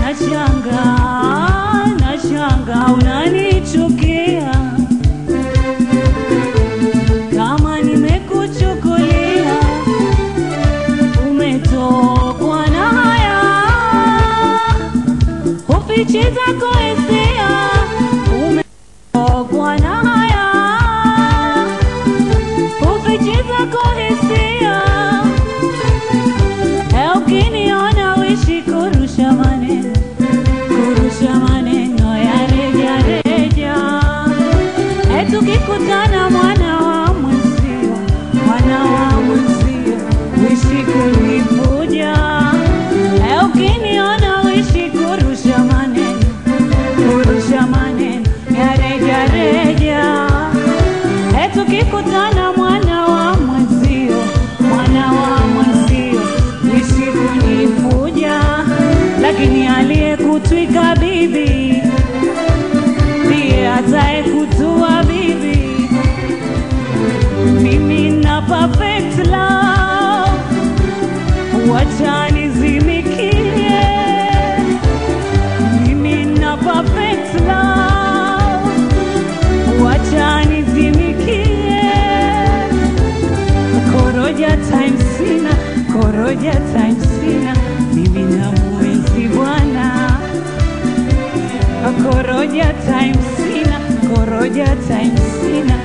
Nashangaa, nashangaa unanichukia kama nimekuchukulia umetokwa na haya ufiche perfect love. Wacha nizimikie koroja time sina, koroja time sina, mimi na mwenzi Bwana. Koroja time sina, koroja time sina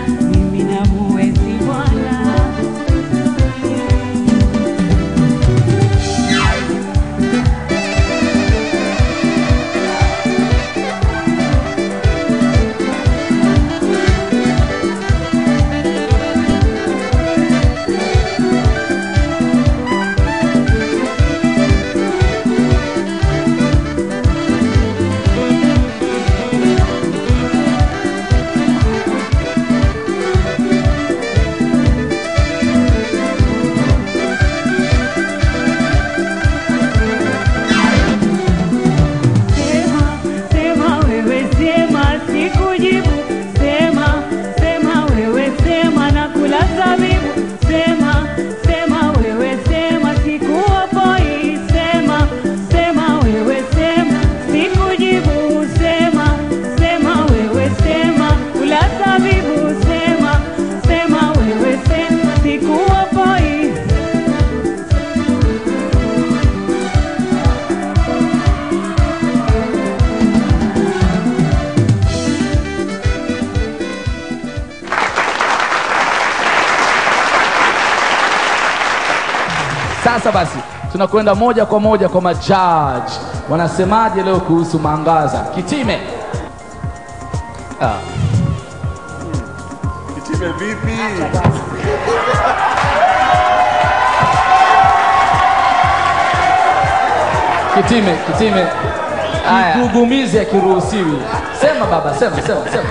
Sasa basi tunakwenda moja kwa moja kwa majaji, wanasemaje leo kuhusu mangaza Kitime ah. Kitime vipi? Kitime, Kitime kigugumizi akiruhusiwi. Sema baba, sema sema sema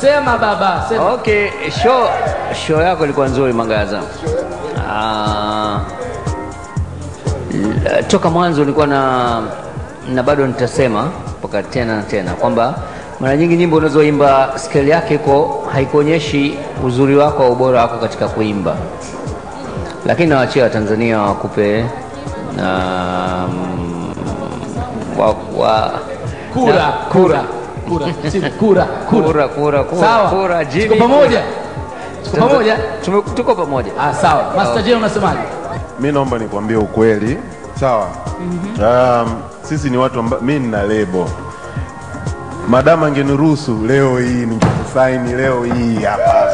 sema baba sema. Okay, show show yako ilikuwa nzuri mangaza uh, toka mwanzo nilikuwa na na bado nitasema mpaka tena na tena kwamba mara nyingi nyimbo unazoimba scale yake iko haikuonyeshi uzuri wako au ubora wako katika kuimba, lakini nawaachia Watanzania wakupe um, wa, wa, kura, na, kura kura kura kura kura kura kura kura kura kura kura kura kura kura Tuko pamoja? Tuko pamoja. Ah, sawa. Master Jay unasemaje? Mimi naomba nikwambie ukweli. Sawa. Mm -hmm. Um, sisi ni watu ambao mimi nina lebo. Madam angeniruhusu leo hii ningekusaini leo hii hapa.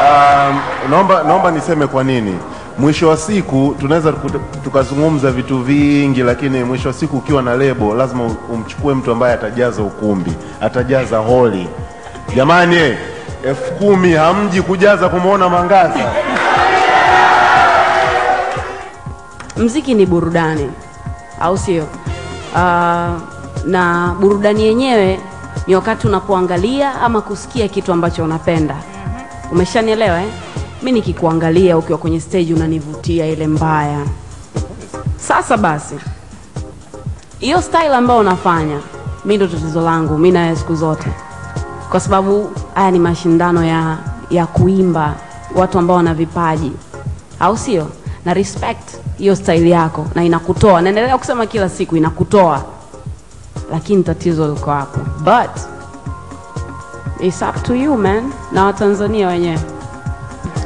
Um, naomba, naomba niseme kwa nini mwisho wa siku tunaweza tukazungumza vitu vingi, lakini mwisho wa siku ukiwa na lebo lazima umchukue mtu ambaye atajaza ukumbi, atajaza holi. Jamani, elfu kumi hamji kujaza kumwona Mwangaza. Mziki ni burudani, au sio? Uh, na burudani yenyewe ni wakati unapoangalia ama kusikia kitu ambacho unapenda. Mhm. Umeshanielewa eh? Mi nikikuangalia ukiwa kwenye stage unanivutia ile mbaya. Sasa basi, hiyo style ambayo unafanya mi ndo tatizo langu, mi nawe siku zote kwa sababu haya ni mashindano ya, ya kuimba watu ambao wana vipaji, au sio? Na respect hiyo staili yako, na inakutoa, naendelea kusema kila siku inakutoa, lakini tatizo liko hapo, but it's up to you man, na Watanzania wenyewe.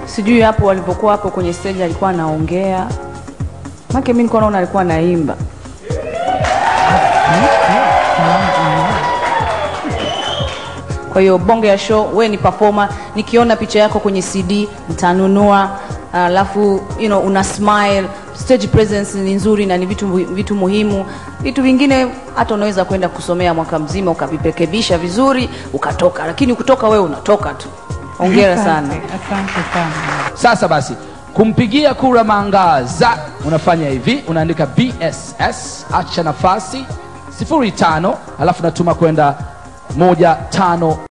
Sijui hapo walipokuwa hapo kwenye stage alikuwa anaongea, make mimi nilikuwa naona alikuwa anaimba hmm? Hmm? Hmm? Kwa hiyo Bonge ya Show, wewe ni performer, nikiona picha yako kwenye CD nitanunua. Alafu uh, you know, una smile, stage presence ni nzuri na ni vitu, vitu muhimu. Vitu vingine hata unaweza kwenda kusomea mwaka mzima ukavirekebisha vizuri ukatoka, lakini kutoka wewe unatoka tu. Hongera sana. Asante sana. Sasa basi kumpigia kura Mangaza unafanya hivi, unaandika BSS, acha nafasi 05, alafu natuma kwenda moja tano